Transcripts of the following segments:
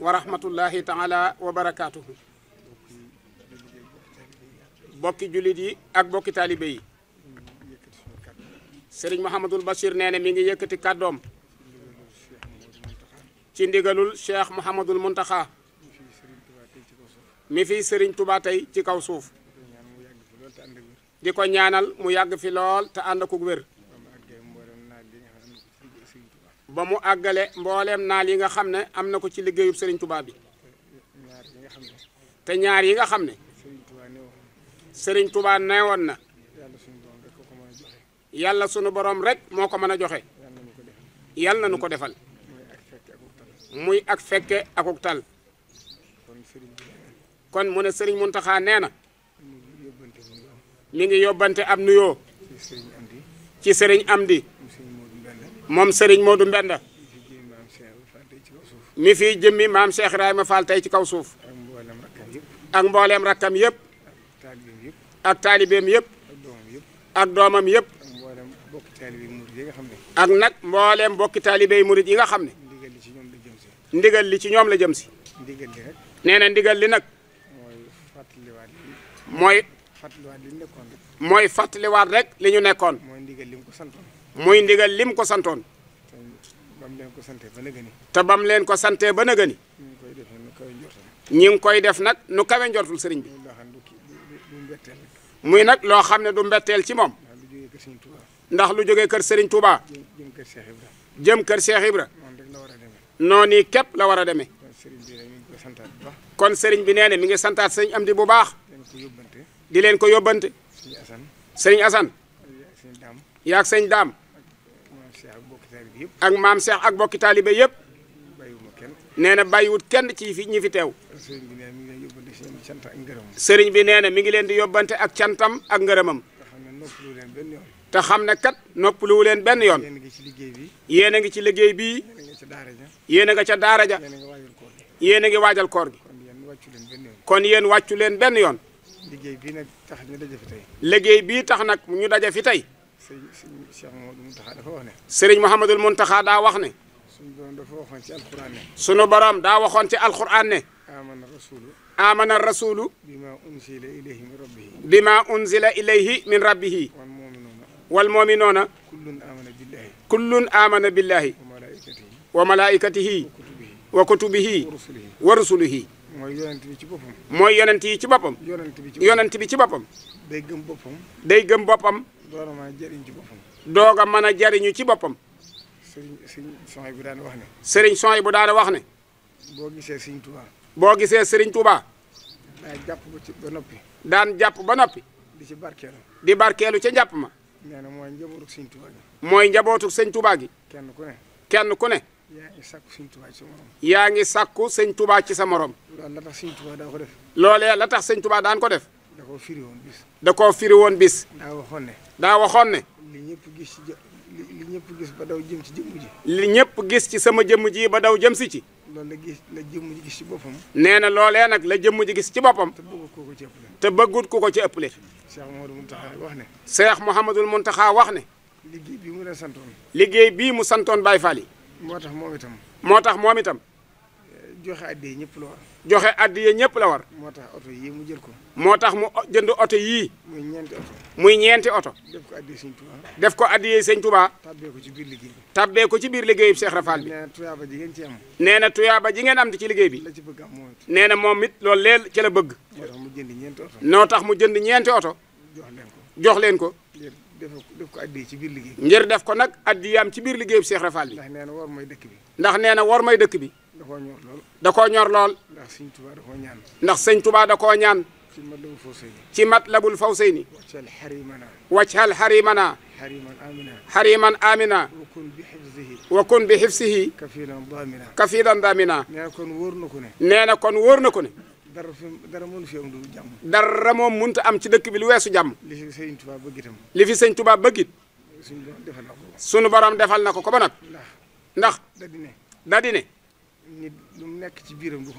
wa rahmatullahi taala wa barakaatuhu bokki jullit yi ak bokki taalibe yi sëriñ Mouhamadul Bachir nee mi ngi yëkkati kàddoom ci ndigalul cheikh Mouhamadul Muntaxa mi fi sëriñ Touba tey ci kaw suuf di ko ñaanal mu yàgg fi lool te ànd ak wér. ba mu àggale mbooleem naal yi nga xam ne am na ko ci liggéeyub sëriñ tubaab bi te ñaar yi nga xam ne Serigne Touba nee woon na yàlla sunu borom rek moo ko mën a joxe yàlla na nu ko defal muy ak fekke akuk tal kon mu ne sëriñ Mountakha nee na mi ngi yóbbante ab nuyoo ci am di moom moo Modou Mbenda mi fi jëmmi maam Cheikh Ibrahima Fall tey ci kaw suuf ak mbooleem rakkam yëpp ak taalibeem yëpp ak doomam yëpp ak nag mbooleem bokki taalibey murit yi nga xam ne ndigal li ci ñoom la jëm si nee na ndigal li nag mooy mooy fàttaliwaat rek li ñu nekkoon mooy ndigal li ko santoon muy ndigal lim ko santoon. bam leen ko santee ba nëgëni. te bam leen ko santee ba nëgëni. ñi ngi koy def nag nu kawe njortul sëriñ bi. muy nag loo xam ne du mbetteel ci moom. ndax lu jógee kër sëriñ Touba. jëm kër Cheikh Ibra. jëm kër Cheikh Ibra. noonu képp la war a demee. kon sëriñ bi nee na mi ngi santaat sëriñ Amdi bu baax. di leen ko yóbbante. sëriñ Assane. sëriñ Assane. sëñ Daam. ak maam Cheikh ak bokki taalibe yëpp nee na bàyyiwut kenn ci fi ñi fi teew sëriñ bi nee na mi ngi leen di yóbbante ak cantam ak ngërëmam te xam ne kat noppaluwu leen benn yoon yéen a ngi ci liggéey bii yéen a nga ca daara ja yéen a ngi waajal koor gi kon yéen wàccu leen benn yoon liggéey bii nag tax ñu daje fi tey liggéey tax nag ñu daja fi tey sëriñ Cheikh Mouhamadou Mountakha dafa wax ne. sëriñ Mouhamadou Mountakha daa wax ne. sunu borom dafa waxoon ci alxuraan ne. sunu borom daa waxoon ci alxuraan ne. amana rasulu. amana rasulu. bima unzila ilayhi min rabbihi. bima unzila ilayhi min rabbihi. wal mu'minuna. kullun amana billahi. kullun amana billahi. wa malaikatihi. wa kutubihi. wa rusulihi. mooy yonent bi ci boppam. mooy yonent yi ci boppam. yonent bi ci boppam. day gëm boppam. day gëm boppam. doog a mën a jariñu ci boppam. doog a mën a jariñu ci boppam. sëriñ sëriñ Sonia bu daan wax ne. sëriñ Sonia bu daan wax ne. boo gisee sëriñ Touba. boo gisee sëriñ Touba. daan jàpp ba ci ba noppi. daan jàpp ba noppi. di ci barkeelu. di barkeelu ca jàpp ma. nee na mooy njabootu sëriñ Touba gi. mooy njabootu sëriñ tubaa gi. kenn ku ne. kenn ku ne. yaa ngi sàkku sëriñ Touba ci sa morom. yaa ngi sàkku sëriñ Touba ci sa morom. loolu la tax sëriñ Touba daan ko def. loolee la tax sëriñ Touba daan ko def. da koo firi woon bis. da woon bis. daa waxoon ne. daa waxoon ne. li ñëpp gis ci li ñëpp gis ba daw jëm ci jëmm ji. ñëpp gis ci sama jëmm ji ba daw jëm si ci. loolu la la ji gis boppam. nee na loolee nag la jëmm ji gis ci boppam. te bëggut ko ko ci ëppale. Cheikh Mouhamadul Mountakha wax ne. Cheikh Mouhamadul Mountakha wax ne. liggéey bii mu leen santoon. liggéey bii mu santoon Baye Fall moo tax moom itam. moo tax moom itam. Eh, joxe addiya ñëpp joxe addiya ñëpp la war. moo tax oto yii mu jël ko. moo tax mu jënd oto yii. muy ñeenti oto. muy ñeenti oto. def ko addiya sëñ Touba. def ko addiya sëñ Touba. tabbee ko ci biir liggéey. tabbee ko ci biir liggéeyu Cheikh Rafal bi. nee na tuyaaba ji ngeen ci am. nee na tuyaaba ji ngeen am ci liggéey bi. la ci bëgg am moom it. nee na moom it leel ci la bëgg. moo tax mu jënd noo tax mu jënd ñeenti oto. jox leen ko jox leen ko. def ko addiya ci biir liggéey. ngir def ko nag addiyaam ci biir liggéeyu Cheikh Rafal bi. ndax nee na war mooy dëkk bi. ndax nee na war mooy dëkk bi da koo ñor lool. da koo ñor lool. ndax sëñ Tuubaa da koo ñaan. ndax sëñ Tuubaa da koo ñaan. ci matlabul fawsayni. ci matlabul fawsayni. wàccal xarimana. wàccal xarimana. xariman amina. xariman amina. wakun bi xifsihi. wakun bi xifsihi. kafilan damina. kafilan damina. nee na kon wóor na ko ne. nee na kon wóor na ko ne. dara fi dara mënu fi moom mënut am ci dëkk bi lu weesu jàmm. li fi sëñ Tuubaa itam. li fi sëñ Tuubaa bëgg it. sunu borom defal na ko ko ba nag. ndax. da nit lu nekk ci biiram du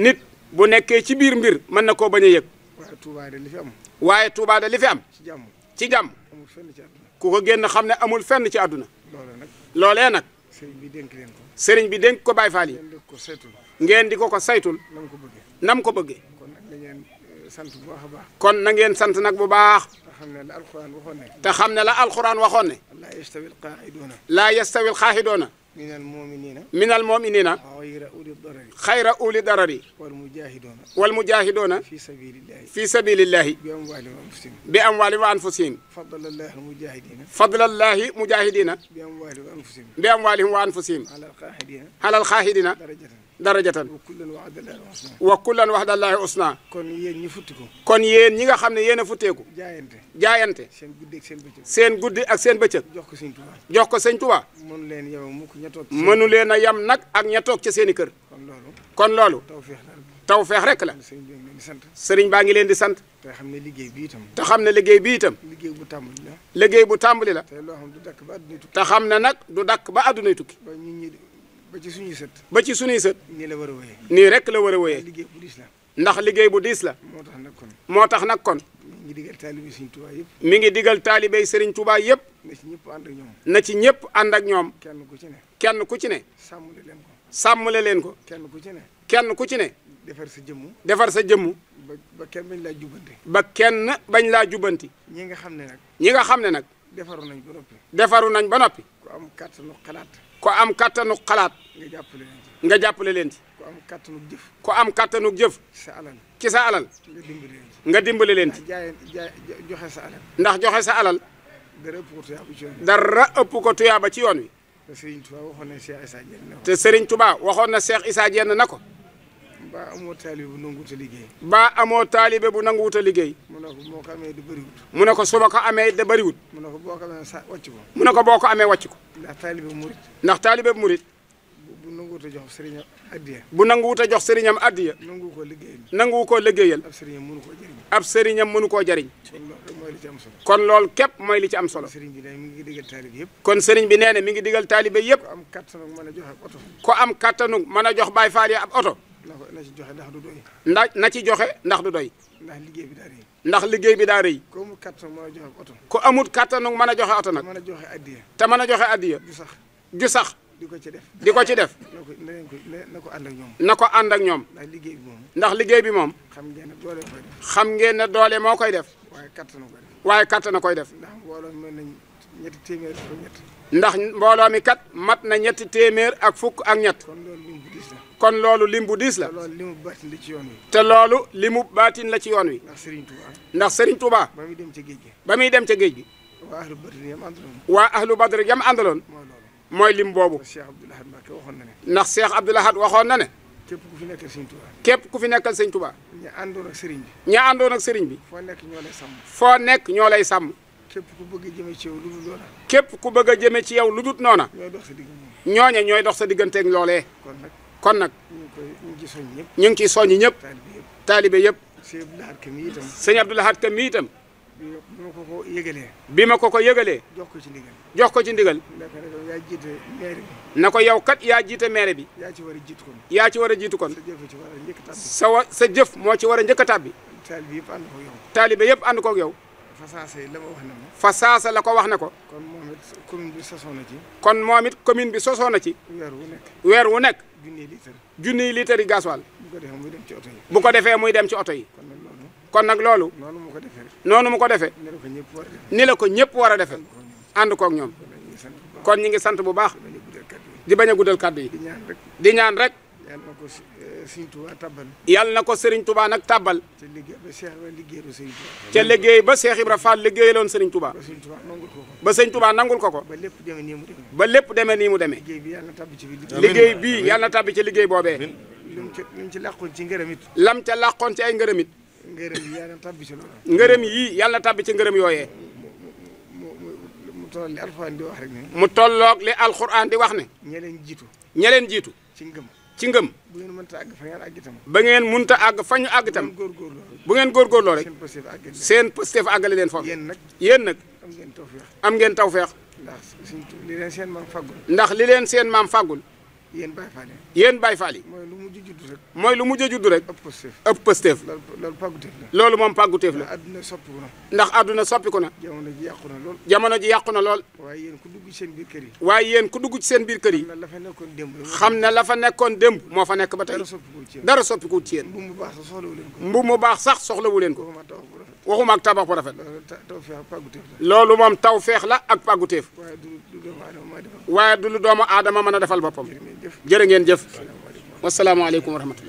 nit bu nekkee ci biir mbir mën na koo bañ a yëg. waaye Touba de li fi am. waaye Touba de li am. ci jàmm ci jàmm. amul fenn ci àdduna. ko génn xam ne amul fenn ci àdduna. loolee nag. loolee nag. sëriñ bi dénk leen ko. sëriñ bi dénk ko Baye Fall yi. ngeen di ko saytul. ngeen di ko ko saytul. nam ko bëggee. nam ko bëggee. kon nag na eh, sant bu baax a baax. kon na ngeen sant nag bu baax. te xam ne la alxuraan waxoon ne. xam ne la alxuraan waxoon ne. laa yastawil xaaxidoona. laa yastawil minal muminina minal muminina xayra uli darari xayra uli darari wal mujahiduna wal mujahiduna fi sabilillahi fi sabilillahi bi amwali wa anfusihim bi amwali wa anfusihim fadlallahi mujahidina fadlallahi mujahidina bi amwali wa anfusihim bi amwalihim wa anfusihim alal xaahidina alal xaahidina darajatan darajatan wa kullan waxdallaahi usna kon yéen ñi futti ko kon yéen ñi nga xam ne yéen futteeku jaayante jaayante seen guddi ak seen bëccëg ak seen bëccëg jox ko sëñ Tuubaa jox ko sëñ Tuubaa mënu leen yam mukk ña mënu leen a yam nag ak ña toog ca seen i kër kon loolu taw feex rek la sëriñ baa ngi leen di sant te xam ne liggéey bi itam te ne liggéey bi itam liggéey bu tàmbali la liggéey bu tàmbali la te xam ne nag du dakk ba àddunay tukki ba ci suñuy sët. ba ci suñuy sët. nii la war a wëyee. nii rek la war a wëyee. liggéey bu diis ndax liggéey bu diis la. moo tax nag kon. moo tax nag kon. mi ngi digal taalibe Serigne Touba yëpp. mi ngi digal taalibe Serigne Touba yëpp. na ci ñëpp ànd ak ñoom. na ci ñëpp ànd ak ñoom. kenn ku ci ne. kenn ku ci ne. sàmmale leen ko. sàmmale leen ko. kenn ku ci ne. kenn ku ci ne. defar sa jëmmu defar sa jëmm. ba ba kenn bañ laa jubbanti. ba kenn bañ laa jubbanti. ñi nga xam ne nag. ñi nga xam ne nag. defaru nañ ba noppi. defaru nañ ba noppi. ku am kàttanu xalaat. ko am kattanu xalaat. nga jàppale leen nga jàppale leen ci. ku am jëf. ku am kattanu jëf. ci sa alal ci sa alal. nga dimbale leen ci nga dimbale leen joxe sa alal. ndax joxe sa alal. dara ëpp ko tuyaaba ci yoon wi. dara ëpp ko ci yoon wi. te Serigne waxoon na Cheikh Issa Diène na ko. te waxoon na Cheikh Issa Diène na ko. ba amoo taalibe bu nanguwut a liggéey. ba amoo taalibe bu nanguwut a liggéey. mu ne ko boo ko amee da bëriwut. mu ne ko su ma ko amee da bëriwut. mu ne ko boo ko amee wàcc mu ne ko boo ko amee wàcc ko. ndax taalibe mu ndax taalibe murit. bu nanguwut a jox sëriñam addiya. bu nanguwut a jox sëriñam addiya. nanguwu koo liggéeyal. nanguwu koo liggéeyal. ab sëriñam mënu koo jëriñ. ab sëriñam mënu koo jëriñ. kon loolu képp mooy li ci am solo. kon sëriñ bi nee mi ngi digal taalibe yëpp. kon sëriñ bi nee na mi ngi digal taalibe yëpp. ko am kattanu mën a jox oto. ko am kattanu mën a jox Baay Faal yi ab oto. na ci joxe ndax na ci joxe ndax du doy. bi daa ndax liggéey bi daa rëy. ku amul kattan mën a joxe oto. ku amul a joxe oto nag. mën a joxe addiya. te mën a joxe addiya. ju sax ju di ko ci def di ko ci def. na ko na ko ànd ak ñoom. na ko ànd ak ñoom. ndax liggéey bi moom. ndax liggéey bi moom. xam ngeen ne doole koy ne doole moo koy def. waaye kattan na koy def. waaye kattan koy def. ndax mbooloo mi mën nañ ñetti téeméer ak ñett. mi kat mat na ñetti téeméer ak fukk ak ñett. kon loolu lim bu diis la. te loolu limu baatin la ci yoon wi. te loolu limu baatin la ci yoon wi. ndax sëriñ Touba. ndax Serigne Touba. ba muy dem ci géej gi. ba muy dem ca géej gi. waa ahlu badri yam àndaloon. waa ahlu mooy lim boobu. ndax Cheikh Abdoul Ahad waxoon na ne. ndax Cheikh Abdoul Ahad waxoon na ne. képp ku fi nekkal Serigne Touba. képp ku fi nekkal Serigne Touba. ña àndoon ak Serigne bi. ña àndoon ak bi. foo nekk ñoo lay sàmm. foo nekk ñoo lay sàmm. képp ku bëgg jëme ci yow lu noona. képp ku bëgg a jëme ci yow lu dul noona. ñooy dox sa diggante ñooña ñooy dox sa digganteeg loole kon nag kon nag ñu ngi ciy soññi ñëpp taalibe yëpp sëñ Abdou Lahad Ka mi itam bi ma ko ko yëgalee. bi ma ko ko yëgalee. jox ko ci ndigal. jox ko ci ndigal. na ko yaw kat yaa jiite maire bi. yaa ci war a jiitu kon. yaa ci war a jiitu kon. sa jëf moo ci war a njëkk a tàbbi. taalibe yëpp ànd koog yow. yëpp ànd koog yow. fasaasa yi la ma wax la ko wax ne ko. kon moom it commune bi sosoo na ci. kon moom it commune bi sosoo na ci. weer wu nekk weer wu nekk. junniy litre. junniy litre yi bu ko defee muy dem ci oto yi. bu ko defee muy dem ci oto yi. kon nag loolu. noonu mu ko defee. noonu mu ko defee. ni la ko ñëpp war a defee. ànd koog ñoom. kon ñi ngi sant bu baax. di bañ a guddal kàddu yi. di ñaan rek. yal na ko eh, Serigne Touba tàbbal. yal na ko Serigne Touba nag tàbbal. ca liggéey ba Cheikh ba liggéeyaloo Serigne Touba. ca liggéey ba Cheikh Ibra Fall liggéeyaloon Serigne Touba. ba Serigne Touba nangul ko ko. ba Serigne ko ko. ba lépp demee nii mu demee. ba lépp demee nii mu demee. liggéey bi yal na tàbbi ci biir liggéey bi yal na tàbbi ci liggéey boobee. lam ca lam ca làqoon ca làqoon ci ay ngërëm it. ngërëm yi yal na tàbbi ci loolu. ngërëm yii yal na tàbbi ci ngërëm yooyee. mu tolloog li alxuraan di rek ne. mu tolloog li alxuraan di wax ne. ña leen jiitu. jiitu. ci ci ngëm. bu ngeen mënta àgg fa ngeen àgg itam. ba ngeen mënta àgg fa ñu àgg itam. bu ngeen góorgóorloo rek. seen pësteef àggale leen foofu. yéen nag yéen nag. am ngeen tawfeex. am ngeen tawfeex. ndax li seen maam fàggul. ndax li leen seen maam fàggul. yéen Baye Fall yi. yéen Baye Fall mooy lu mujj judd mooy lu mujj judd rek. ëpp pësteef ëpp pësteef. loolu loolu moom pàgguteef la. adduna soppiku na. ndax adduna soppiku na. jamono ji na lool. jamono ji yàqu na lool. waaye yéen ku dugg seen biir kër yi. waaye yéen ku dugg ci seen biir kër yi. xam na la fa nekkoon démb. xam na la fa nekkoon démb moo fa nekk ba tey. dara soppikuwul ci yéen dara soppikuwul mu baax sax soxlawu leen ko. mbuum mu baax sax soxlawu leen ko. waxuma ak tabax bu rafet. loolu moom taw feex la ak pàgguteef. waaye du lu doomu aadama mën a defal boppam. jërë ngeen jëf. wasalaamualeykum wa